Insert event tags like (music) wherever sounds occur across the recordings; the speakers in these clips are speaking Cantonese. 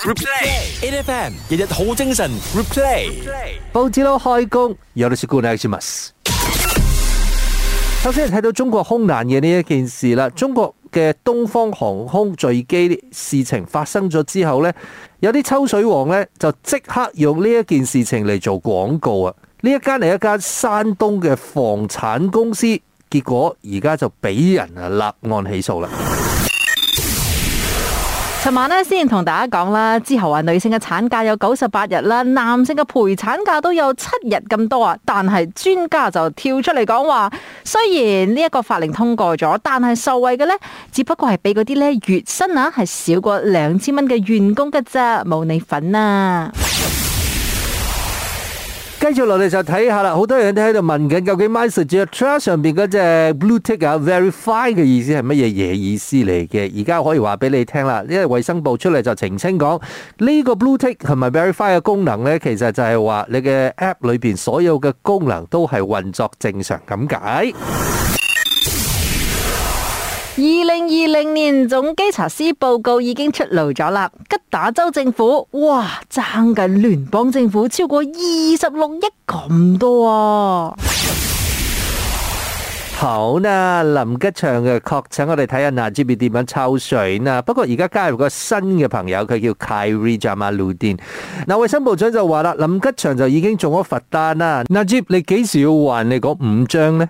Replay，A. F. M. 日日好精神。Replay，報紙佬開工，有你食過呢？食 t 首先睇到中國空難嘅呢一件事啦，中國嘅東方航空墜機事情發生咗之後咧，有啲抽水王咧就即刻用呢一件事情嚟做廣告啊！呢一間係一間山東嘅房產公司，結果而家就俾人啊立案起訴啦。尋晚咧，先同大家講啦，之後話，女性嘅產假有九十八日啦，男性嘅陪產假都有七日咁多啊。但係專家就跳出嚟講話，雖然呢一個法令通過咗，但係受惠嘅呢，只不過係俾嗰啲咧月薪啊係少過兩千蚊嘅員工㗎啫，冇你份啊！繼續落嚟就睇下啦，好多人都喺度問緊，究竟 message trust 上面嗰隻 blue tick 啊，verify 嘅意思係乜嘢嘢意思嚟嘅？而家可以話俾你聽啦，因為衛生部出嚟就澄清講呢個 blue tick 同埋 verify 嘅功能呢，其實就係話你嘅 app 裏邊所有嘅功能都係運作正常咁解。二零二零年總稽查司報告已經出爐咗啦，吉打州政府哇爭緊聯邦政府超過二十六億咁多啊！好啦，林吉祥嘅，確診我哋睇下納吉俾點樣抽水啊。不過而家加入一個新嘅朋友，佢叫 Khairi Jamaludin。嗱，衛生部長就話啦，林吉祥就已經中咗罰單啦。納吉，你幾時要還你嗰五張呢？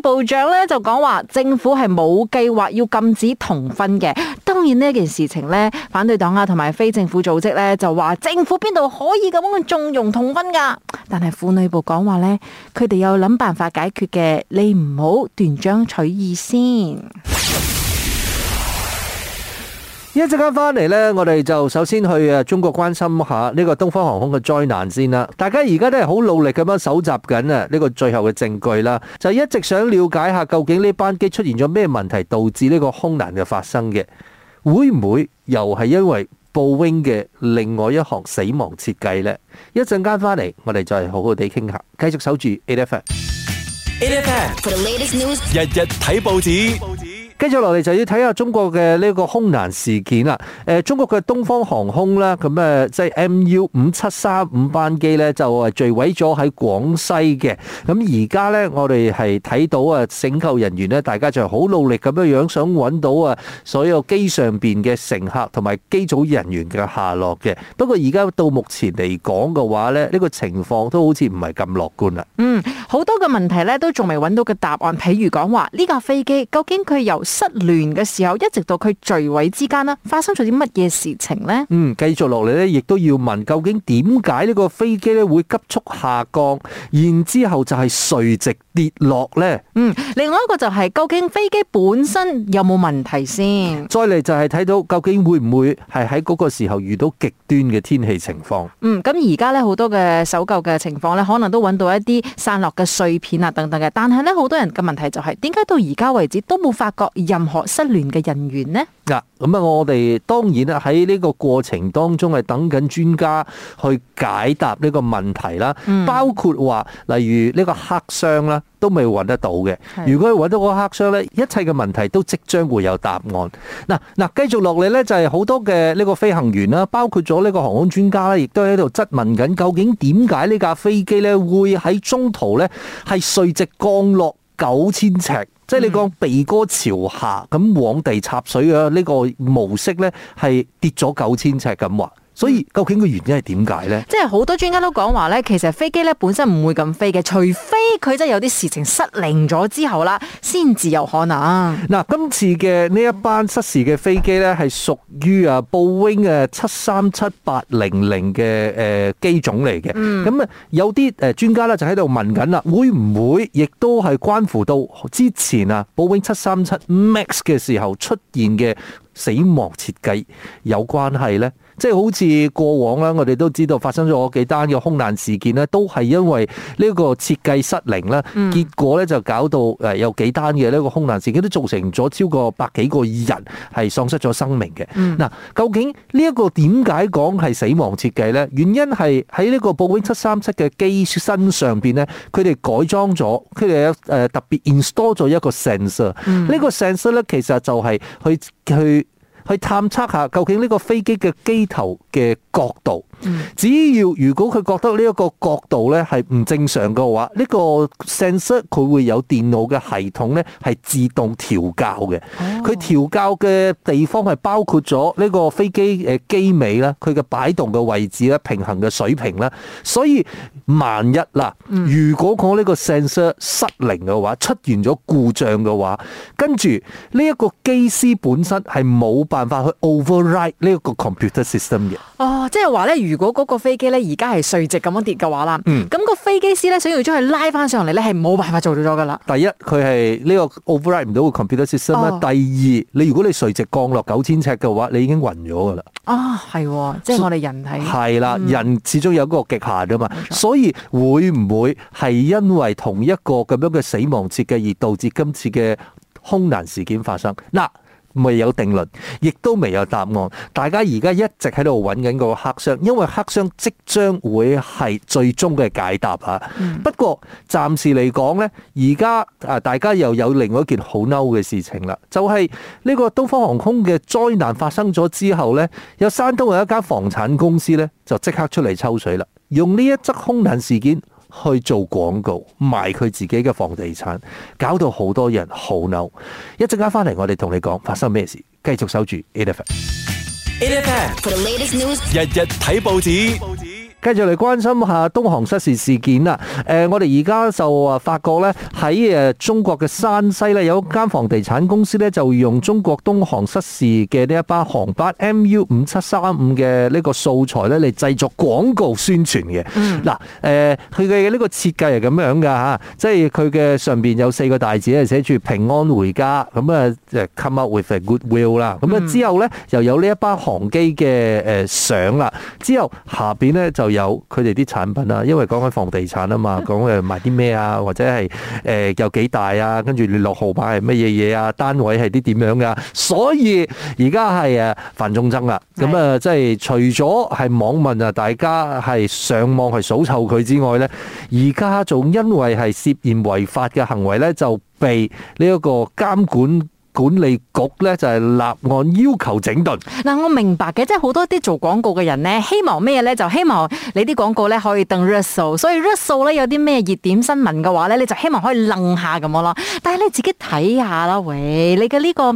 部長咧就講話，政府係冇計劃要禁止同婚嘅。當然呢件事情呢，反對黨啊同埋非政府組織咧就話，政府邊度可以咁樣縱容同婚噶？但係婦女部講話呢，佢哋有諗辦法解決嘅，你唔好斷章取義先。一陣間翻嚟呢，我哋就首先去啊中國關心下呢個東方航空嘅災難先啦。大家而家都係好努力咁樣搜集緊啊呢個最後嘅證據啦，就一直想了解下究竟呢班機出現咗咩問題導致呢個空難嘅發生嘅，會唔會又係因為 Boeing 嘅另外一項死亡設計呢？一陣間翻嚟，我哋再好好地傾下，繼續守住 A F F A，A F F A，For the latest news，日日睇報紙。跟住落嚟就要睇下中國嘅呢個空難事件啦。誒，中國嘅東方航空呢，咁誒即係 MU 五七三五班機呢，就係墜毀咗喺廣西嘅。咁而家呢，我哋係睇到啊，拯救人員呢，大家就好努力咁樣樣想揾到啊所有機上邊嘅乘客同埋機組人員嘅下落嘅。不過而家到目前嚟講嘅話呢，呢個情況都好似唔係咁樂觀啦。嗯，好多嘅問題呢，都仲未揾到嘅答案，譬如講話呢架飛機究竟佢由失聯嘅時候，一直到佢墜毀之間咧，發生咗啲乜嘢事情呢？嗯，繼續落嚟呢，亦都要問究竟點解呢個飛機咧會急速下降，然之後就係垂直跌落呢。嗯，另外一個就係、是、究竟飛機本身有冇問題先？再嚟就係睇到究竟會唔會係喺嗰個時候遇到極端嘅天氣情況？嗯，咁而家呢，好多嘅搜救嘅情況呢，可能都揾到一啲散落嘅碎片啊等等嘅，但係呢，好多人嘅問題就係點解到而家為止都冇發覺？任何失聯嘅人員呢？嗱、嗯，咁啊，我哋當然啦，喺呢個過程當中係等緊專家去解答呢個問題啦、嗯，包括話例如呢個黑箱啦，都未揾得到嘅。如果係揾到個黑箱呢，一切嘅問題都即將會有答案。嗱嗱，繼續落嚟呢，就係好多嘅呢個飛行員啦，包括咗呢個航空專家咧，亦都喺度質問緊，究竟點解呢架飛機呢會喺中途呢？係垂直降落？九千尺，即係你講鼻哥朝下咁往地插水嘅、啊、呢、呢個模式呢，係跌咗九千尺咁滑。所以究竟個原因係點解呢？即係好多專家都講話呢，其實飛機呢本身唔會咁飛嘅，除非佢真係有啲事情失靈咗之後啦，先至有可能。嗱，今次嘅呢一班失事嘅飛機呢，係屬於啊 Boeing 嘅七三七八零零嘅誒機種嚟嘅。咁、嗯、啊，有啲誒專家咧就喺度問緊啦，會唔會亦都係關乎到之前啊 Boeing 七三七 Max 嘅時候出現嘅？死亡設計有關係呢？即係好似過往啦，我哋都知道發生咗幾單嘅空難事件呢，都係因為呢個設計失靈啦，結果呢，就搞到誒有幾單嘅呢個空難事件都造成咗超過百幾個人係喪失咗生命嘅。嗱，究竟呢一個點解講係死亡設計呢？原因係喺呢個波音七三七嘅機身上邊呢，佢哋改裝咗，佢哋誒特別 install 咗一個 sensor、嗯。呢個 sensor 呢，其實就係去去。去探測下究竟呢個飛機嘅機頭嘅角度。只要如果佢覺得呢一個角度咧係唔正常嘅話，呢個 sensor 佢會有電腦嘅系統咧係自動調校嘅。佢調校嘅地方係包括咗呢個飛機誒機尾啦，佢嘅擺動嘅位置咧，平衡嘅水平啦。所以萬一嗱，如果講呢個 sensor 失靈嘅話，出現咗故障嘅話，跟住呢一個機師本身係冇辦法去 override 呢一個 computer system 嘅。哦，即係話咧。如果嗰個飛機咧而家係垂直咁樣跌嘅話啦，咁、嗯、個飛機師咧想要將佢拉翻上嚟咧係冇辦法做到咗㗎啦。第一，佢係呢個 override 唔到個 computer system 啦、哦。第二，你如果你垂直降落九千尺嘅話，你已經暈咗㗎啦。啊、哦，係、哦，即係我哋人體係啦、嗯，人始終有個極限啊嘛。所以會唔會係因為同一個咁樣嘅死亡設計而導致今次嘅空難事件發生？未有定論，亦都未有答案。大家而家一直喺度揾緊個黑箱，因為黑箱即將會係最終嘅解答、嗯、不過暫時嚟講呢，而家啊，大家又有另外一件好嬲嘅事情啦，就係、是、呢個東方航空嘅災難發生咗之後呢，有山東有一間房產公司呢，就即刻出嚟抽水啦，用呢一則空難事件。去做廣告賣佢自己嘅房地產，搞到好多人好嬲。一陣間翻嚟，我哋同你講發生咩事，繼續守住、ITV。日日睇報紙。繼續嚟關心下東航失事事件啦。誒，我哋而家就啊發覺咧喺，誒，中國嘅山西咧有間房地產公司咧就用中國東航失事嘅呢一班航班 MU 五七三五嘅呢個素材咧嚟製作廣告宣傳嘅。嗱，誒，佢嘅呢個設計係咁樣噶吓即係，佢嘅上邊有四個大字係寫住平安回家，咁啊 come up with a good will 啦。咁啊之後咧又有呢一班航機嘅誒，相啦，之後下邊咧就。有佢哋啲產品啊，因為講緊房地產啊嘛，講誒賣啲咩啊，或者係誒有幾大啊，跟住聯絡號碼係乜嘢嘢啊，單位係啲點樣噶，所以而家係誒犯眾憎啊，咁啊即係除咗係網民啊，大家係上網去數臭佢之外咧，而家仲因為係涉嫌違法嘅行為咧，就被呢一個監管。管理局咧就係立案要求整頓。嗱，我明白嘅，即係好多啲做廣告嘅人咧，希望咩咧？就希望你啲廣告咧可以登熱搜，所以熱搜咧有啲咩熱點新聞嘅話咧，你就希望可以楞下咁樣咯。但係你自己睇下啦，喂，你嘅呢個。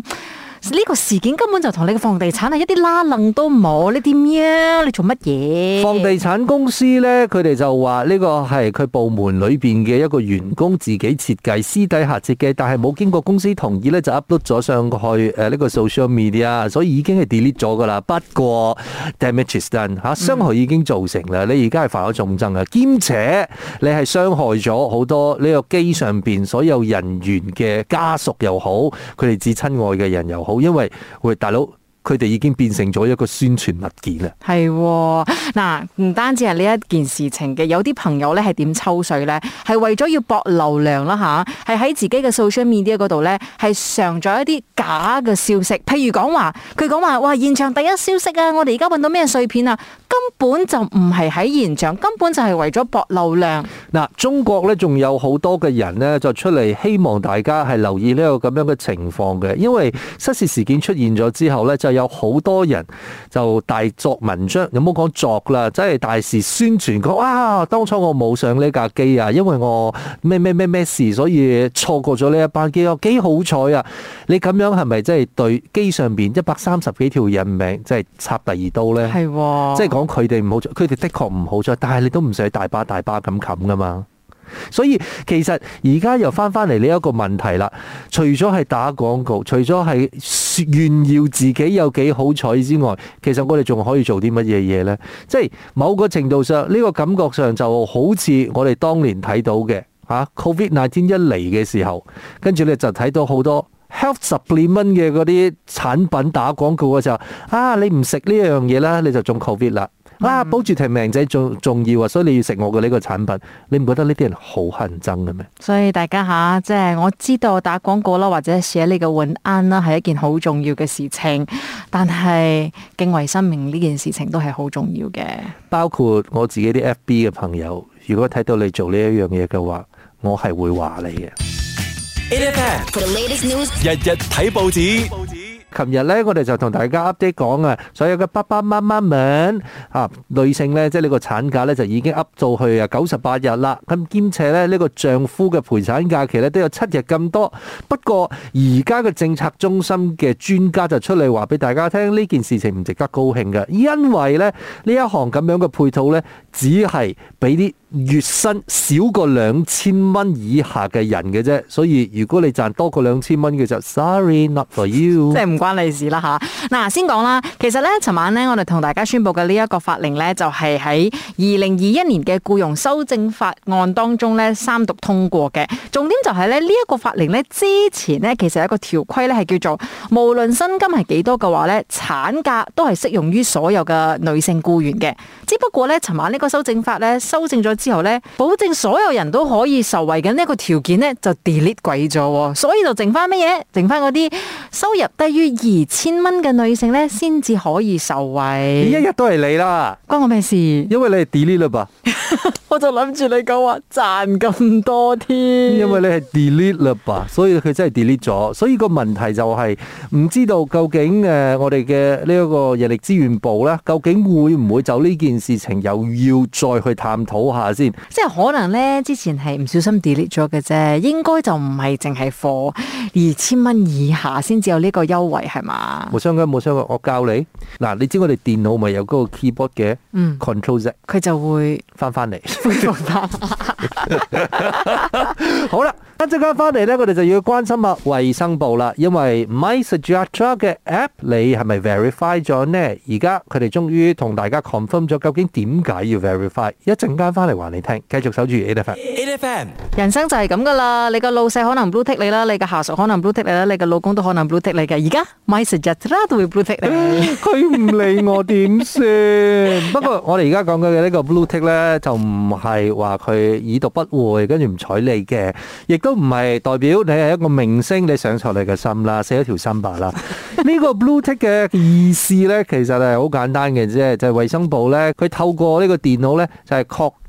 呢、這個事件根本就同你嘅房地產係一啲拉楞都冇，你點樣？你做乜嘢？房地產公司呢，佢哋就話呢、這個係佢部門裏邊嘅一個員工自己設計、私底下設計，但係冇經過公司同意呢就 upload 咗上去誒呢個 social media，所以已經係 delete 咗噶啦。不過 damage is done 吓，傷害已經造成啦、嗯。你而家係犯咗重罪啊，兼且你係傷害咗好多呢、這個機上邊所有人員嘅家屬又好，佢哋至親愛嘅人又好。因為喂，大佬。佢哋已經變成咗一個宣傳物件啦，哦。係嗱，唔單止係呢一件事情嘅，有啲朋友咧係點抽水咧，係為咗要博流量啦吓，係喺自己嘅社交媒體度咧，係上咗一啲假嘅消息。譬如講話，佢講話，哇，現場第一消息啊，我哋而家搵到咩碎片啊，根本就唔係喺現場，根本就係為咗博流量。嗱，中國咧仲有好多嘅人咧，就出嚟希望大家係留意呢個咁樣嘅情況嘅，因為失事事件出現咗之後咧就。有好多人就大作文章，有冇講作啦？即係大肆宣傳過啊！當初我冇上呢架機啊，因為我咩咩咩咩事，所以錯過咗呢一班機。啊幾好彩啊！你咁樣係咪即係對機上邊一百三十幾條人命即係插第二刀咧？係、哦、即係講佢哋唔好，佢哋的確唔好彩，但係你都唔使大巴大巴咁冚噶嘛。所以其實而家又翻返嚟呢一個問題啦，除咗係打廣告，除咗係炫耀自己有幾好彩之外，其實我哋仲可以做啲乜嘢嘢呢？即係某個程度上，呢、這個感覺上就好似我哋當年睇到嘅、啊、COVID-19 一嚟嘅時候，跟住你就睇到好多 health supplement 嘅嗰啲產品打廣告嘅時候，啊你唔食呢樣嘢啦，你就中 Covid 啦。哇、嗯啊，保住條命仔仲重要啊！所以你要食我嘅呢個產品，你唔覺得呢啲人好乞人憎嘅咩？所以大家吓，即係我知道打廣告啦，或者寫你個文案啦，係一件好重要嘅事情。但係敬畏生命呢件事情都係好重要嘅。包括我自己啲 FB 嘅朋友，如果睇到你做呢一樣嘢嘅話，我係會話你嘅。日日睇報紙。琴日咧，我哋就同大家 update 講啊，所有嘅爸爸媽媽們啊，女性咧，即係呢個產假咧，就已經 up 到去啊九十八日啦。咁兼且咧，呢個丈夫嘅陪產假期咧都有七日咁多。不過而家嘅政策中心嘅專家就出嚟話俾大家聽，呢件事情唔值得高興嘅，因為咧呢一行咁樣嘅配套咧，只係俾啲。月薪少過兩千蚊以下嘅人嘅啫，所以如果你賺多過兩千蚊嘅就，sorry not for you。 (laughs) 即係唔關你事啦吓。嗱，先講啦，其實咧，尋晚咧，我哋同大家宣布嘅呢一個法令咧，就係喺二零二一年嘅僱傭修正法案當中咧三讀通過嘅。重點就係咧，呢一個法令咧，之前咧其實有一個條規咧係叫做無論薪金係幾多嘅話咧，產假都係適用於所有嘅女性僱員嘅。只不過咧，尋晚呢個修正法咧修正咗。之後咧，保證所有人都可以受惠嘅呢一個條件咧，就 delete 鬼咗，所以就剩翻乜嘢？剩翻嗰啲收入低於二千蚊嘅女性咧，先至可以受惠。一天你一日都係你啦，關我咩事？因為你係 delete 啦吧？ (laughs) 我就諗住你講話賺咁多天，因為你係 delete 啦吧，所以佢真係 delete 咗。所以個問題就係、是、唔知道究竟誒，我哋嘅呢一個人力資源部咧，究竟會唔會就呢件事情又要再去探討下？先？即係可能咧，之前係唔小心 delete 咗嘅啫，應該就唔係淨係貨，二千蚊以下先至有呢個優惠係嘛？冇相干，冇相干，我教你嗱，你知我哋電腦咪有嗰個 keyboard 嘅，control z、嗯，佢就會翻翻嚟。回回 (laughs) (laughs) (laughs) 好啦，一陣間翻嚟咧，我哋就要關心下衞生部啦，因為 MySejahtera 嘅 app 你係咪 verify 咗呢？而家佢哋終於同大家 confirm 咗，究竟點解要 verify？一陣間翻嚟。話你聽，繼續守住 A.F.M. A.F.M. 人生就係咁噶啦，你個老細可能 blue tick 你啦，你個下屬可能 blue tick 你啦，你個老公都可能 blue tick 你嘅，而家 my secretary 都會 blue tick 你。佢唔理我點算？不過我哋而家講嘅呢個 blue tick 咧，就唔係話佢已讀不回，跟住唔睬你嘅，亦都唔係代表你係一個明星，你想錯你嘅心啦，死咗條心罷啦。呢個 blue tick 嘅意思咧，其實係好簡單嘅啫，就係衛生部咧，佢透過呢個電腦咧，就係確。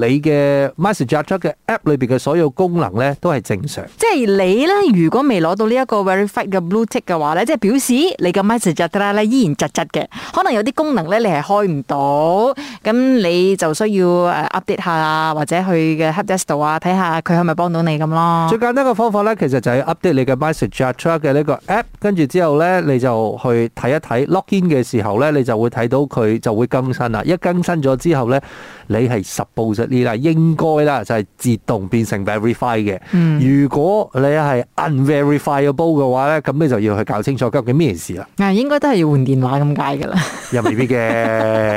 你嘅 Messenger 嘅 App 裏邊嘅所有功能咧，都係正常。即係你咧，如果未攞到呢一個 Verified 嘅 Blue Tick 嘅話咧，即係表示你嘅 Messenger 咧依然窒窒嘅，可能有啲功能咧你係開唔到。咁你就需要誒 update 下啊，或者去嘅 Helpdesk 度啊睇下佢係咪幫到你咁咯。最簡單嘅方法咧，其實就係 update 你嘅 Messenger 嘅呢個 App，跟住之後咧你就去睇一睇 Login 嘅時候咧，你就會睇到佢就會更新啦。一更新咗之後咧，你係十步就。你係應該啦，就係自動變成 verify 嘅、嗯。如果你係 unverifiable 嘅話咧，咁你就要去搞清楚究竟咩事啦。嗱，應該都係要換電話咁解嘅啦。又未必嘅。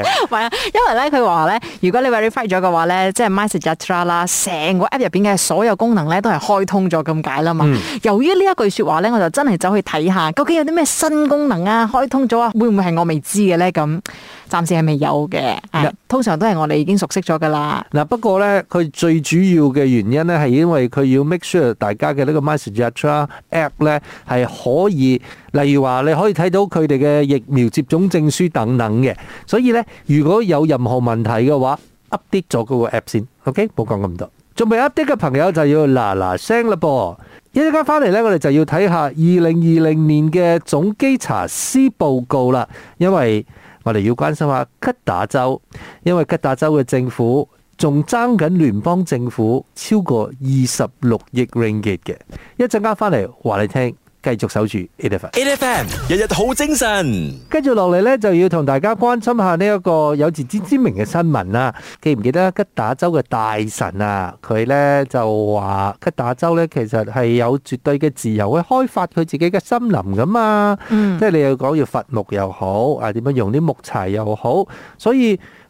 係啊，因為咧佢話咧，如果你 verify 咗嘅話咧， (laughs) 即係 message 啦、成個 app 入邊嘅所有功能咧都係開通咗咁解啦嘛。嗯、由於呢一句説話咧，我就真係走去睇下究竟有啲咩新功能啊開通咗啊，會唔會係我未知嘅咧咁？暫時係未有嘅，通常都係我哋已經熟悉咗噶啦。嗱、啊,不過呢，佢最主要嘅原因呢，係因為佢要 make sure 大家嘅呢個 MySejahtera app 呢，係可以，例如話你可以睇到佢哋嘅疫苗接種證書等等嘅。所以呢，如果有任何問題嘅話，update 咗嗰個 app 先。OK，冇講咁多。仲未 update 嘅朋友就要嗱嗱聲啦噃。一陣間翻嚟呢，我哋就要睇下二零二零年嘅總稽查司報告啦，因為。我哋要關心下吉打州，因為吉打州嘅政府仲爭緊聯邦政府超過二十六億令吉嘅，一陣間返嚟話你聽。繼續守住 Elephant，Elephant 日日好精神。跟住落嚟咧，就要同大家關心下呢一個有自知之明嘅新聞啊。記唔記得吉打州嘅大神啊？佢咧就話吉打州咧其實係有絕對嘅自由去開發佢自己嘅森林噶嘛。即係你又講要伐木又好，啊，點樣用啲木材又好，所以。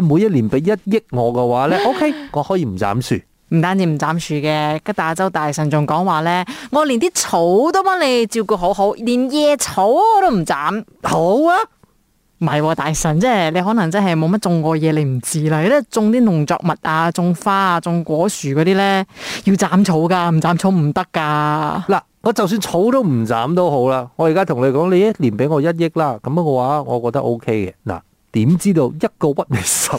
每一年俾一億我嘅話呢 OK 我可以唔斬樹。唔 (laughs) 單止唔斬樹嘅，吉打州大神仲講話呢：「我連啲草都幫你照顧好好，連野草我都唔斬。好啊，唔係、啊、大神，即係你可能真係冇乜種過嘢，你唔知啦。你都種啲農作物啊，種花啊，種果樹嗰啲呢，要斬草噶，唔斬草唔得噶。嗱， (laughs) 我就算草都唔斬都好啦，我而家同你講，你一年俾我一億啦，咁樣嘅話，我覺得 OK 嘅。嗱。點知道一個屈尾十？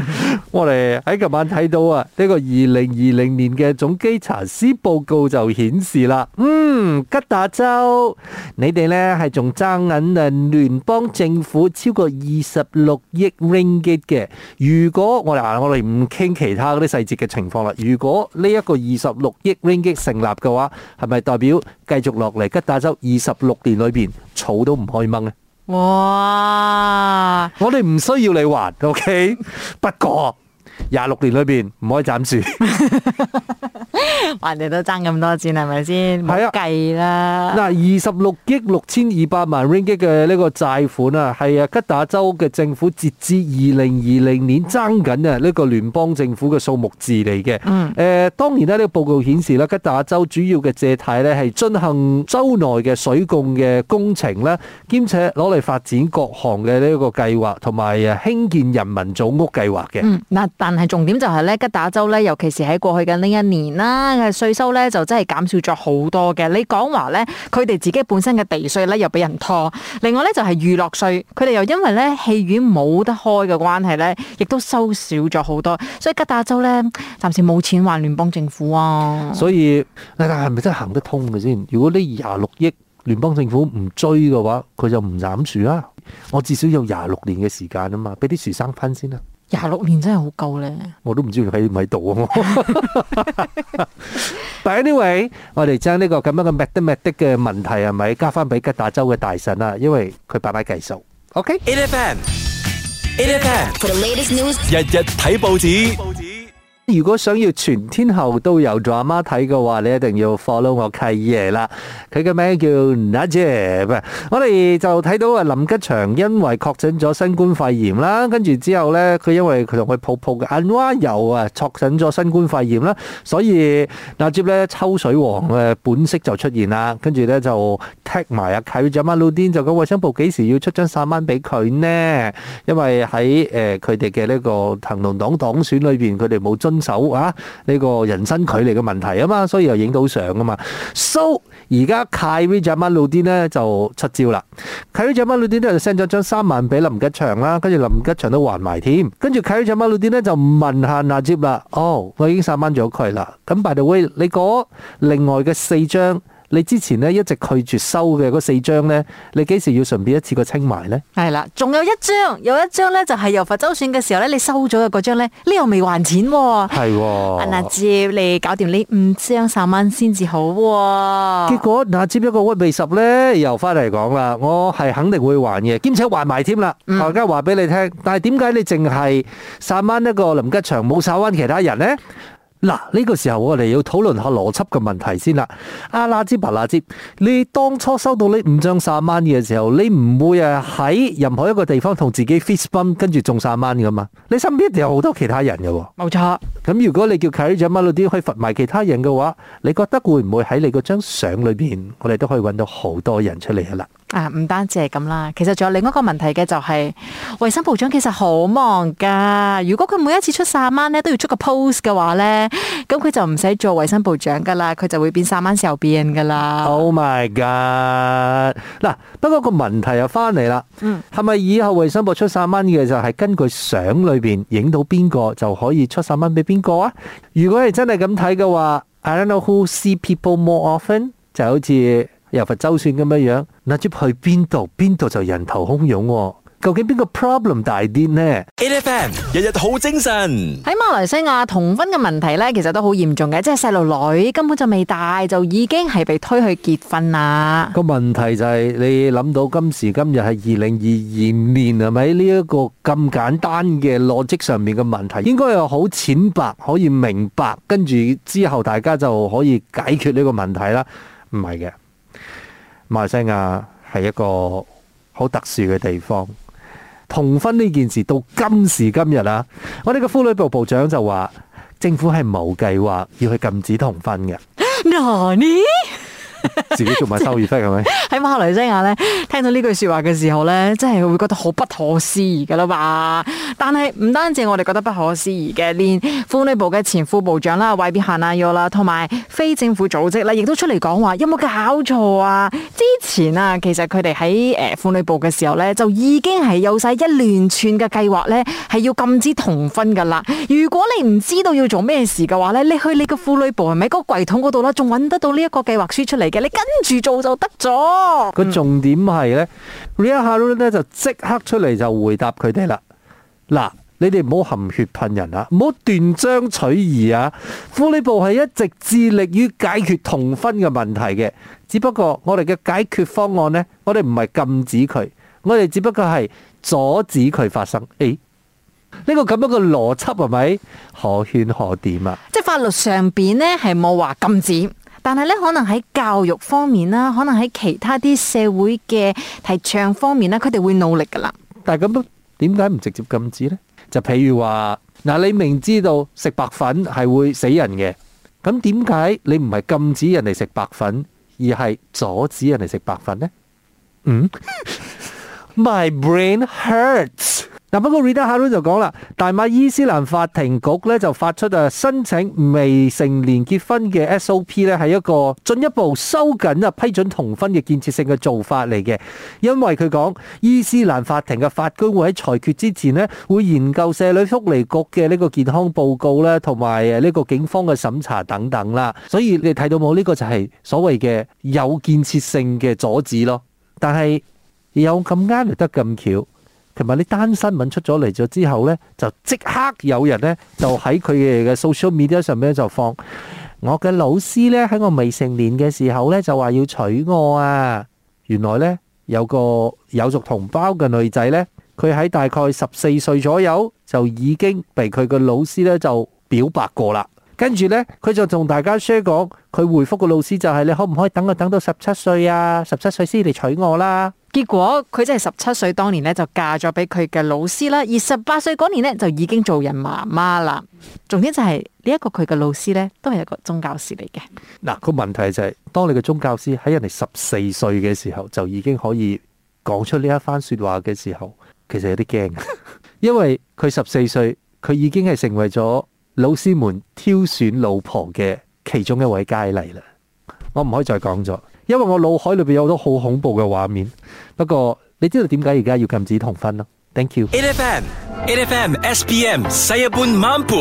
(laughs) 我哋喺琴晚睇到啊，呢、呢個二零二零年嘅總稽查司報告就顯示啦，嗯，吉打州你哋呢係仲爭緊啊，聯邦政府超過二十六億 ringgit 嘅。如果我哋我哋唔傾其他嗰啲細節嘅情況啦。如果呢一個二十六億 ringgit 成立嘅話，係咪代表繼續落嚟吉打州二十六年裏邊草都唔開掹啊？哇！我哋唔需要你還，OK，不過。廿六年裏邊唔可以斬樹，人 (laughs) 哋 (laughs) 都爭咁多錢係咪先？係啊，計啦。嗱，二十六億六千二百萬 ringgit 嘅呢個債款啊，係啊吉打州嘅政府截至二零二零年爭緊啊呢個聯邦政府嘅數目字嚟嘅。嗯。誒、呃，當然啦，呢個報告顯示啦，吉打州主要嘅借貸咧係進行州內嘅水供嘅工程啦，兼且攞嚟發展各項嘅呢個計劃，同埋啊興建人民組屋計劃嘅。嗯。嗱。但係重點就係咧，吉打州咧，尤其是喺過去嘅呢一年啦，稅收咧就真係減少咗好多嘅。你講話咧，佢哋自己本身嘅地稅咧又俾人拖，另外咧就係娛樂稅，佢哋又因為咧戲院冇得開嘅關係咧，亦都收少咗好多，所以吉打州咧暫時冇錢還聯邦政府啊。所以係咪真係行得通嘅先？如果呢廿六億聯邦政府唔追嘅話，佢就唔斬樹啊。我至少有廿六年嘅時間啊嘛，俾啲樹生翻先啦，啊。廿六年真係好夠咧，我都唔知佢喺唔喺度啊！但係呢位，我哋將呢個咁樣嘅麥的麥的嘅問題係咪加翻俾吉打州嘅大臣啊？因為佢伯伯計數。OK，NFM，NFM，日日睇報紙。如果想要全天候都有做阿媽睇嘅話，你一定要 follow 我契爺啦。佢嘅名叫 Najib。我哋就睇到啊林吉祥因為確診咗新冠肺炎啦，跟住之後咧，佢因為佢同佢抱抱嘅銀花油啊確診咗新冠肺炎啦，所以 Najib 咧抽水王嘅本色就出現啦。跟住咧就踢埋阿契咗阿老 Din 就講衛生部幾時要出張散蚊俾佢呢？因為喺誒佢哋嘅呢個行動黨黨選裏邊，佢哋冇手啊呢，這個人身距離嘅問題啊嘛，所以又影到相啊嘛。So 而家 Khairy Jamaluddin 咧就出招啦。Khairy Jamaluddin 咧就 send 咗張三萬俾林吉祥啦，跟住林吉祥都還埋添。跟住 Khairy Jamaluddin 咧就問下 Najib 啦。哦，我已經散萬咗佢啦。咁 by the way 你嗰另外嘅四張？你之前咧一直拒絕收嘅嗰四張咧，你幾時要順便一次過清埋咧？係啦，仲有一張，有一張咧就係由佛州選嘅時候咧，你收咗嘅嗰張咧，呢又未還錢喎、哦。係喎，嗱、嗯，啊、接你搞掂呢五張三蚊先至好、哦。結果阿接一個屈未十咧又翻嚟講啦，我係肯定會還嘅，兼且還埋添啦。我而家話俾你聽，但係點解你淨係三蚊一個林吉祥冇三蚊其他人咧？嗱，呢個時候我哋要討論下邏輯嘅問題先啦。阿、啊、拉茲白拉茲，你當初收到呢五張散漫嘅時候，你唔會喺任何一個地方同自己 Facebook 跟住中散漫噶嘛？你身邊一定有好多其他人嘅喎。冇錯。咁如果你叫卡瑞將馬路啲可以罰埋其他人嘅話，你覺得會唔會喺你嗰張相裏面，我哋都可以揾到好多人出嚟嘅啦？啊，唔單止係咁啦，其實仲有另一個問題嘅就係、是，衛生部長其實好忙噶。如果佢每一次出三蚊咧都要出個 post 嘅話咧，咁佢就唔使做衛生部長噶啦，佢就會變三蚊時候變噶啦。Oh my god！嗱、啊，不過個問題又翻嚟啦。嗯，係咪以後衛生部出三蚊嘅就係根據相裏面影到邊個就可以出三蚊俾邊個啊？如果係真係咁睇嘅話，I don't know who see people more often，就好似。又佛周算咁樣樣，那出去邊度邊度就人頭洶湧。究竟邊個 problem 大啲呢？A F M 日日好精神喺馬來西亞童婚嘅問題呢，其實都好嚴重嘅，即係細路女根本就未大就已經係被推去結婚啦。個問題就係、是、你諗到今時今日係二零二二年，係咪呢一個咁簡單嘅邏輯上面嘅問題，應該又好淺白可以明白，跟住之後大家就可以解決呢個問題啦？唔係嘅。馬來西亞係一個好特殊嘅地方，同婚呢件事到今時今日啊我哋嘅婦女部部長就話，政府係冇計劃要去禁止同婚嘅。嗱呢？自己做埋收月費係咪？喺馬來西亞咧，聽到呢句說話嘅時候咧，真係會覺得好不可思議噶啦吧。但係唔單止我哋覺得不可思議嘅，連婦女部嘅前副部長啦、衛必嫻啊、又啦，同埋非政府組織啦，亦都出嚟講話：有冇搞錯啊？之前啊，其實佢哋喺誒婦女部嘅時候咧，就已經係有晒一連串嘅計劃咧，係要禁止同婚噶啦。如果你唔知道要做咩事嘅話咧，你去你個婦女部係咪嗰個櫃桶嗰度啦，仲揾得到呢一個計劃書出嚟？你跟住做就得咗。個、嗯、重點係咧，呢一下咧就即刻出嚟，就回答佢哋啦。嗱，你哋唔好含血噴人啊，唔好斷章取義啊。福利部係一直致力於解決同婚嘅問題嘅，只不過我哋嘅解決方案呢，我哋唔係禁止佢，我哋只不過係阻止佢發生。誒、欸，呢個咁樣嘅邏輯係咪可圈可點啊？即係法律上邊呢，係冇話禁止。但係咧，可能喺教育方面啦，可能喺其他啲社會嘅提倡方面呢，佢哋會努力噶啦。但係咁，點解唔直接禁止呢？就譬如話，嗱，你明知道食白粉係會死人嘅，咁點解你唔係禁止人哋食白粉，而係阻止人哋食白粉呢？嗯 (laughs) ，My brain hurts。嗱，不過 Richard Haroon 就講啦，大馬伊斯蘭法庭局咧就發出申請未成年結婚嘅 SOP 咧，係一個進一步收緊啊批准童婚嘅建設性嘅做法嚟嘅，因為佢講伊斯蘭法庭嘅法官會喺裁決之前呢會研究社會福利局嘅呢個健康報告啦同埋呢個警方嘅審查等等啦，所以你睇到冇呢？呢個就係所謂嘅有建設性嘅阻止咯，但係有咁啱又得咁巧。同埋呢單新聞出咗嚟咗之後咧，就即刻有人咧就喺佢嘅 social media 上面就放我嘅老師咧，喺我未成年嘅時候咧就話要娶我啊！原來咧有個有族同胞嘅女仔咧，佢喺大概十四歲左右就已經被佢嘅老師咧就表白過啦。跟住咧佢就同大家 share 講，佢回覆個老師就係你可唔可以等我等到十七歲啊？十七歲先嚟娶我啦。結果佢真係十七歲當年咧就嫁咗俾佢嘅老師啦，而十八歲嗰年咧就已經做人媽媽啦。重點就係呢一個佢嘅老師咧都係一個宗教師嚟嘅。嗱，個問題就係、是、當你嘅宗教師喺人哋十四歲嘅時候就已經可以講出呢一番說話嘅時候，其實有啲驚，因為佢十四歲佢已經係成為咗老師們挑選老婆嘅其中一位佳麗啦。我唔可以再講咗。因為我腦海裏邊有好多好恐怖嘅畫面，不過你知道點解而家要禁止同婚咯？Thank you 8FM, 8FM, SPM, Sayabun, Mampu。A F M A F M S P M 使一半晚蒲，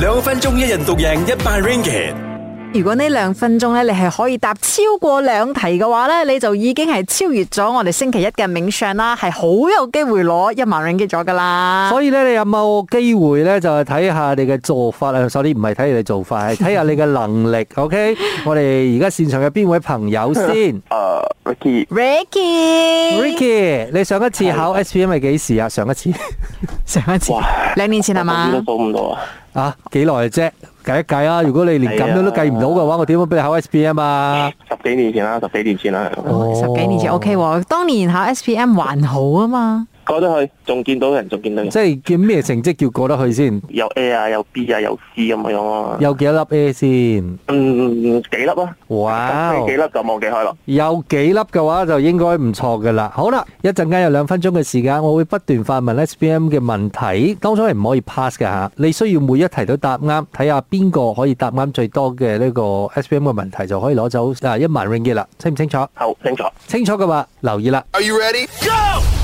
兩分鐘一人獨贏一百 Ringgit。如果你兩分鐘呢兩分鐘咧，你係可以答超過兩題嘅話咧，你就已經係超越咗我哋星期一嘅 m 相啦，係好有機會攞一萬令吉咗噶啦。所以咧，你有冇機會咧，就係睇下你嘅做法啊？首先唔係睇你嘅做法，係睇下你嘅能力。 (laughs) OK，我哋而家線上有邊位朋友先、uh,？Ricky，Ricky，Ricky，你上一次考 SPM 係幾時啊、哎？上一次， (laughs) 上一次，兩年前係嘛？都做唔到啊！啊，幾耐啫？計一計啊！如果你連咁樣都計唔到嘅話，啊、我點會畀你考 S P M 啊？十幾年前啦，十幾年前啦、哦，十幾年前 OK、啊、當年考 S P M 還好啊嘛。過得去，仲見到人，仲見到人。即係叫咩成績叫過得去先？有 A 啊，有 B 啊，有 C 咁樣咯。有幾多粒 A 先？嗯，幾粒咯。哇！咁 A 幾粒就冇幾開咯。有幾粒嘅話就應該唔錯噶啦。好啦，一陣間有兩分鐘嘅時間，我會不斷發問 SPM 嘅問題，當然係唔可以 pass 嘅吓。你需要每一題都答啱，睇下邊個可以答啱最多嘅呢個 SPM 嘅問題，就可以攞走啊一萬 ringgit 啦。清唔清楚？好，清楚。清楚嘅話，留意啦。Are you ready? Go!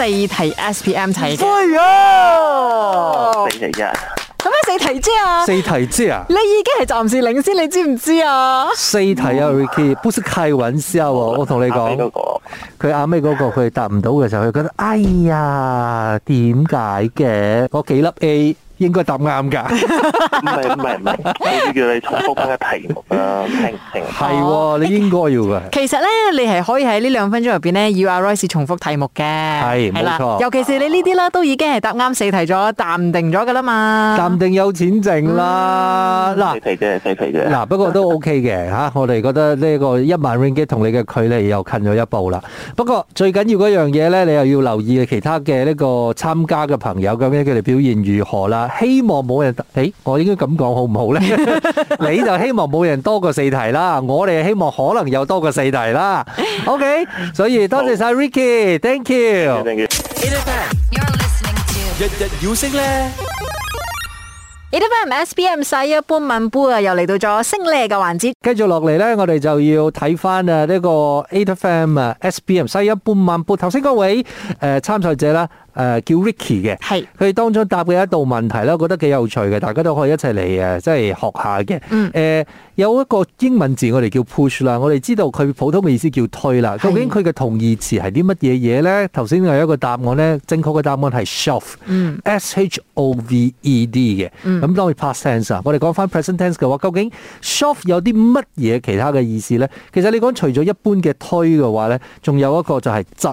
四題 S P M 題嘅，四題啫，咁樣四題啫啊，四題啫啊，你已經係暫時領先，你知唔知啊？四題啊，Ricky，不是開玩笑啊，我同你講，佢阿妹嗰個佢答唔到嘅時候，佢覺得哎呀，點解嘅？我幾粒 A。應該答啱噶，唔係唔係唔係，要叫你重複翻個題目噶，聽聽係，你應該要嘅。其實咧，你係可以喺呢兩分鐘入邊咧，要阿 Royce 重複題目嘅，係冇錯。尤其是你呢啲咧，都已經係答啱四題咗，淡定咗噶啦嘛，淡定有錢剩啦。嗱，四題啫，四題啫。嗱，不過都 OK 嘅吓，我哋覺得呢個一萬 Ringgit 同你嘅距離又近咗一步啦。不過最緊要嗰樣嘢咧，你又要留意其他嘅呢個參加嘅朋友究竟，佢哋表現如何啦？希望冇人誒，我應該咁講好唔好咧？你就希望冇人多過四題啦，我哋希望可能有多過四題啦。OK，所以多謝晒 Ricky，Thank you。Eight FM，You're listening to 日日有星咧。Eight FM S B M 西一般萬杯啊，又嚟到咗星咧嘅環節。繼續落嚟咧，我哋就要睇翻啊呢個 Eight FM 啊 S B M 西一般萬杯。頭先各位誒參賽者啦。誒、呃、叫 Ricky 嘅，佢當中答嘅一道問題啦，我覺得幾有趣嘅，大家都可以一齊嚟誒，即係學下嘅。誒、嗯呃、有一個英文字我，我哋叫 push 啦，我哋知道佢普通嘅意思叫推啦。究竟佢嘅同義詞係啲乜嘢嘢咧？頭先有一個答案咧，正確嘅答案係 shove，嗯，s h o v e d 嘅。咁、嗯、當係 past tense 啊，我哋講翻 present tense 嘅話，究竟 shove 有啲乜嘢其他嘅意思咧？其實你講除咗一般嘅推嘅話咧，仲有一個就係擠。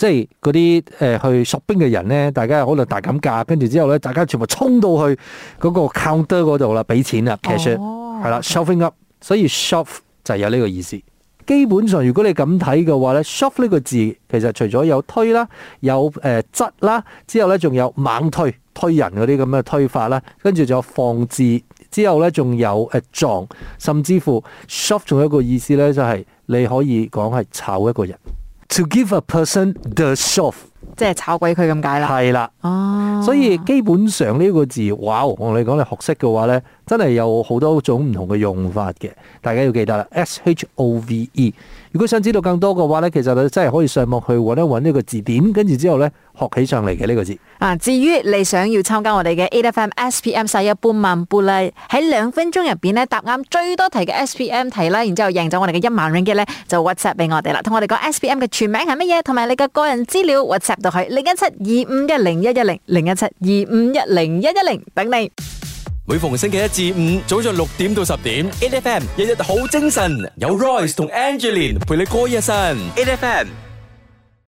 即係嗰啲誒去索兵嘅人咧，大家可能大減價，跟住之後咧，大家全部衝到去嗰個 counter 嗰度啦，俾錢啦，其實係啦 shopping up，所以 shop 就係有呢個意思。基本上如果你咁睇嘅話咧，shop 呢個字其實除咗有推啦，有、呃、質啦，之後咧仲有猛推推人嗰啲咁嘅推法啦，跟住仲有放置，之後咧仲有，誒撞，甚至乎 shop 仲有一個意思咧，就係、係、你可以講係炒一個人。to give a person the shove，即係炒鬼佢咁解啦。係啦、哦，所以基本上呢個字，哇！我同你講，你學識嘅話咧。真係有好多種唔同嘅用法嘅，大家要記得啦。S H O V E，如果想知道更多嘅話呢，其實你真係可以上網去搵一搵呢個字典，跟住之後呢學起上嚟嘅呢個字。啊，至於你想要參加我哋嘅8 F M S P M 十一半萬半啦，喺兩分鐘入邊呢，答啱最多題嘅 S P M 題啦，然之後贏咗我哋嘅一萬 ringgit 呢，就 WhatsApp 俾我哋啦，同我哋講 S P M 嘅全名係乜嘢，同埋你嘅個人資料 WhatsApp 就係零一七二五一零一一零零一七二五一零一一零等你。每逢星期一至五早上六點到十點，A F M 日日好精神，有 Royce 同 Angelina 陪你過一晨，A F M。